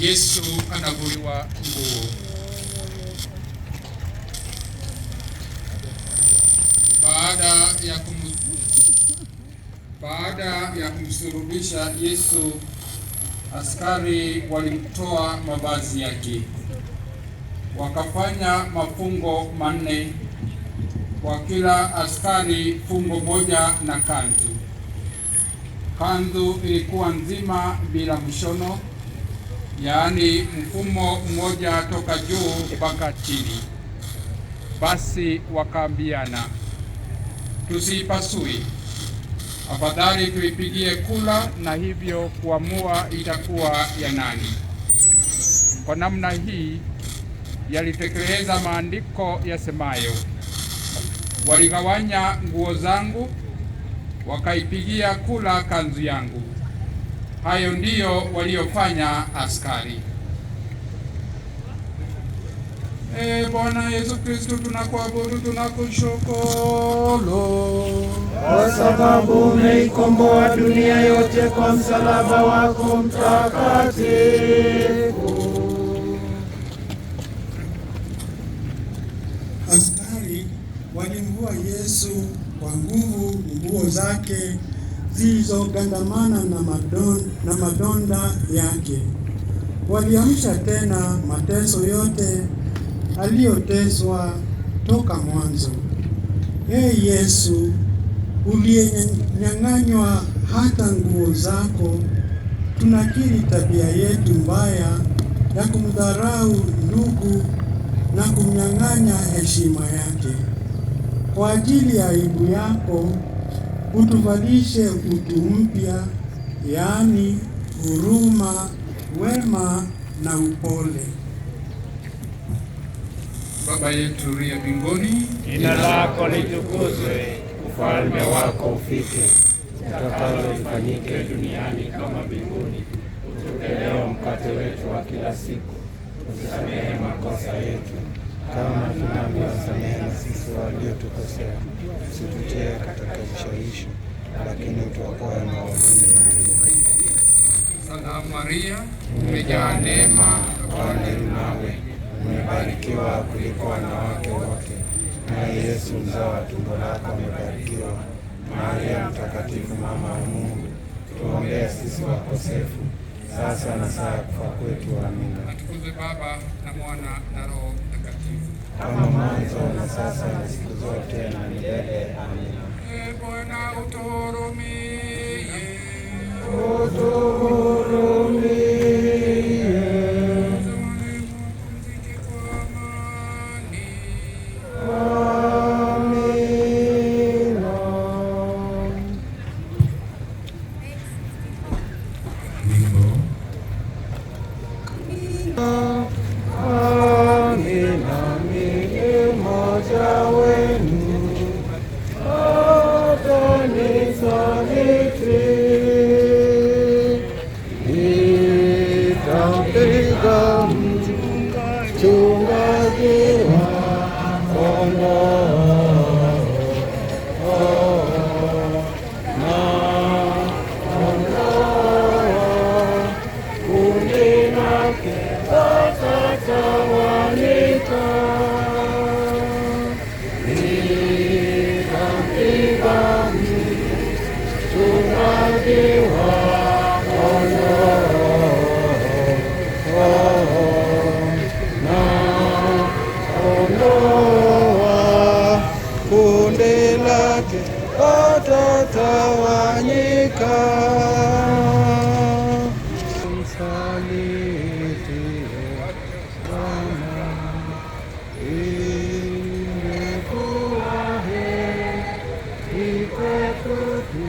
Yesu anavuliwa nguo. Baada ya kum baada ya kumsurubisha Yesu, askari walimtoa mavazi yake, wakafanya mafungo manne, kwa kila askari fungo moja na kanzu. Kanzu ilikuwa nzima bila mshono yaani mfumo mmoja toka juu mpaka chini. Basi wakaambiana, tusiipasui, afadhali tuipigie kula, na hivyo kuamua itakuwa ya nani. Kwa namna hii yalitekeleza maandiko yasemayo, waligawanya nguo zangu, wakaipigia kula kanzu yangu. Hayo ndiyo waliofanya askari. E Bwana Yesu Kristu, tunakuabudu, tunakushukuru kwa sababu umeikomboa dunia yote kwa msalaba wako mtakatifu. Askari walimvua Yesu kwa nguvu nguo zake zilizogandamana na madonda, na madonda yake. Waliamsha tena mateso yote aliyoteswa toka mwanzo. Ee Yesu, uliyenyang'anywa hata nguo zako, tunakiri tabia yetu mbaya ya kumdharau ndugu na kumnyang'anya heshima yake. Kwa ajili ya aibu yako utuvalishe utu mpya, yaani huruma, wema na upole. Baba yetu uliye mbinguni, jina lako litukuzwe, ufalme wako ufike, utakalo lifanyike duniani kama mbinguni. Utupe leo mkate wetu wa kila siku, usamehe makosa yetu kama tunavyowasamehe na sisi waliotukosea, usitutie katika ushawishi, lakini utuokoe na maovu. Salamu Maria, umejaa neema, Bwana yu nawe, umebarikiwa kuliko wanawake wote, naye Yesu mzao wa tumbo lako amebarikiwa. Maria Mtakatifu, mama wa Mungu, tuombee sisi wakosefu sasa na saa ya kufa kwetu. Amina. Atukuzwe Baba na Mwana na Roho Mtakatifu, kama mwanzo na sasa na siku zote na milele. Amina. Yahweh. kundi lake watatawanyika.